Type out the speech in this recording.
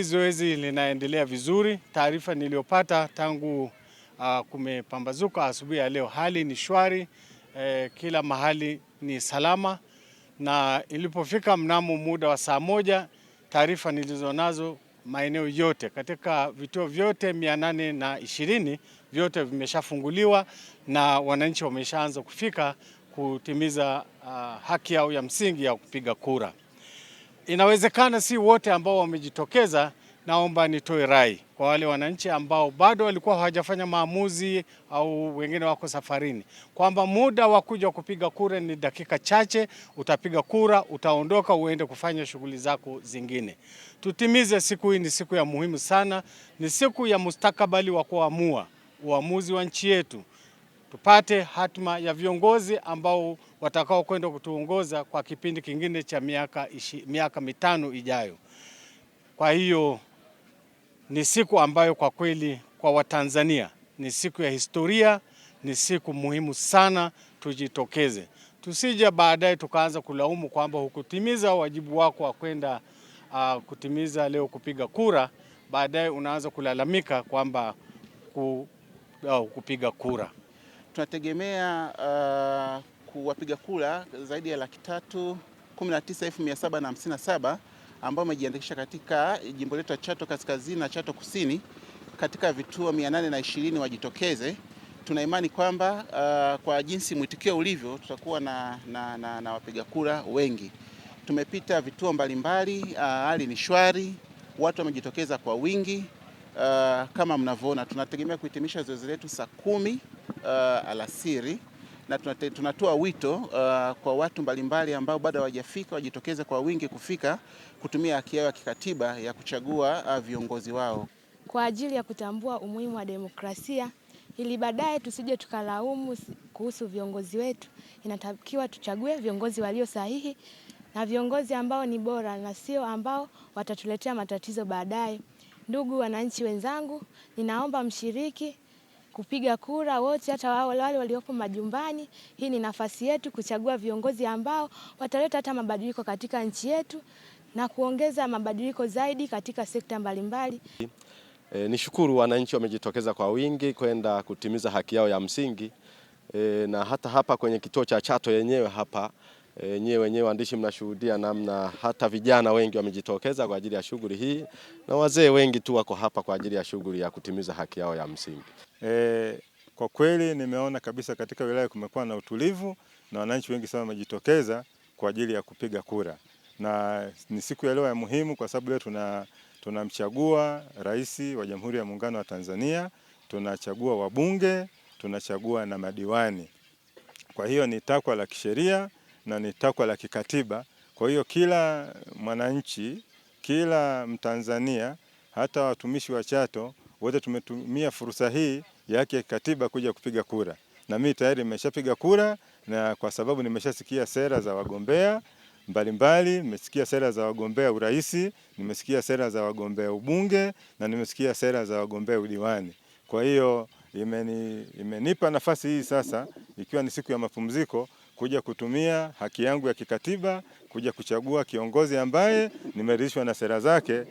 Zoezi linaendelea vizuri. Taarifa niliyopata tangu uh, kumepambazuka asubuhi ya leo, hali ni shwari eh, kila mahali ni salama, na ilipofika mnamo muda wa saa moja, taarifa nilizonazo maeneo yote katika vituo vyote mia nane na ishirini vyote vimeshafunguliwa na wananchi wameshaanza kufika kutimiza uh, haki yao ya msingi ya kupiga kura. Inawezekana si wote ambao wamejitokeza. Naomba nitoe rai kwa wale wananchi ambao bado walikuwa hawajafanya maamuzi au wengine wako safarini, kwamba muda wa kuja kupiga kura ni dakika chache. Utapiga kura, utaondoka, uende kufanya shughuli zako zingine. Tutimize siku hii, ni siku ya muhimu sana, ni siku ya mustakabali wa kuamua uamuzi wa nchi yetu, tupate hatima ya viongozi ambao watakao kwenda kutuongoza kwa kipindi kingine cha miaka, ishi, miaka mitano ijayo. Kwa hiyo ni siku ambayo kwa kweli kwa Watanzania ni siku ya historia, ni siku muhimu sana, tujitokeze, tusije baadaye tukaanza kulaumu kwamba hukutimiza wajibu wako wa kwenda uh, kutimiza leo kupiga kura, baadaye unaanza kulalamika kwamba ku, uh, kupiga kura tunategemea uh wapiga kura zaidi ya laki tatu saba ambao wamejiandikisha katika jimbo letu la Chato Kaskazini na Chato Kusini katika vituo 820 wajitokeze. Tuna imani kwamba uh, kwa jinsi mwitikio ulivyo tutakuwa na, na, na, na wapiga kura wengi. Tumepita vituo mbalimbali, uh, hali uh, ni shwari, watu wamejitokeza kwa wingi. Uh, kama mnavyoona tunategemea kuhitimisha zoezi letu saa kumi uh, alasiri na tunatoa wito uh, kwa watu mbalimbali ambao bado hawajafika wajitokeze kwa wingi kufika kutumia haki yao ya kikatiba ya kuchagua uh, viongozi wao kwa ajili ya kutambua umuhimu wa demokrasia ili baadaye tusije tukalaumu kuhusu viongozi wetu. Inatakiwa tuchague viongozi walio sahihi na viongozi ambao ni bora na sio ambao watatuletea matatizo baadaye. Ndugu wananchi wenzangu, ninaomba mshiriki kupiga kura wote, hata wale waliopo majumbani. Hii ni nafasi yetu kuchagua viongozi ambao wataleta hata mabadiliko katika nchi yetu na kuongeza mabadiliko zaidi katika sekta mbalimbali. E, nishukuru wananchi wamejitokeza kwa wingi kwenda kutimiza haki yao ya msingi e, na hata hapa kwenye kituo cha Chato yenyewe hapa Eh, nyewe wenyewe waandishi mnashuhudia namna hata vijana wengi wamejitokeza kwa ajili ya shughuli hii na wazee wengi tu wako hapa kwa ajili ya shughuli ya kutimiza haki yao ya msingi. E, kwa kweli nimeona kabisa katika wilaya kumekuwa na utulivu na wananchi wengi sana wamejitokeza kwa ajili ya kupiga kura, na ni siku ya leo ya muhimu kwa sababu leo tuna tunamchagua rais wa Jamhuri ya Muungano wa Tanzania, tunachagua wabunge, tunachagua na madiwani. Kwa hiyo ni takwa la kisheria na ni takwa la kikatiba. Kwa hiyo kila mwananchi, kila Mtanzania, hata watumishi wa Chato wote tumetumia fursa hii ya haki ya kikatiba kuja kupiga kura, na mimi tayari nimeshapiga kura, na kwa sababu nimeshasikia sera za wagombea mbalimbali nimesikia sera za wagombea urais, nimesikia sera za wagombea ubunge na nimesikia sera za wagombea udiwani. Kwa hiyo imeni, imenipa nafasi hii sasa, ikiwa ni siku ya mapumziko, kuja kutumia haki yangu ya kikatiba kuja kuchagua kiongozi ambaye nimeridhishwa na sera zake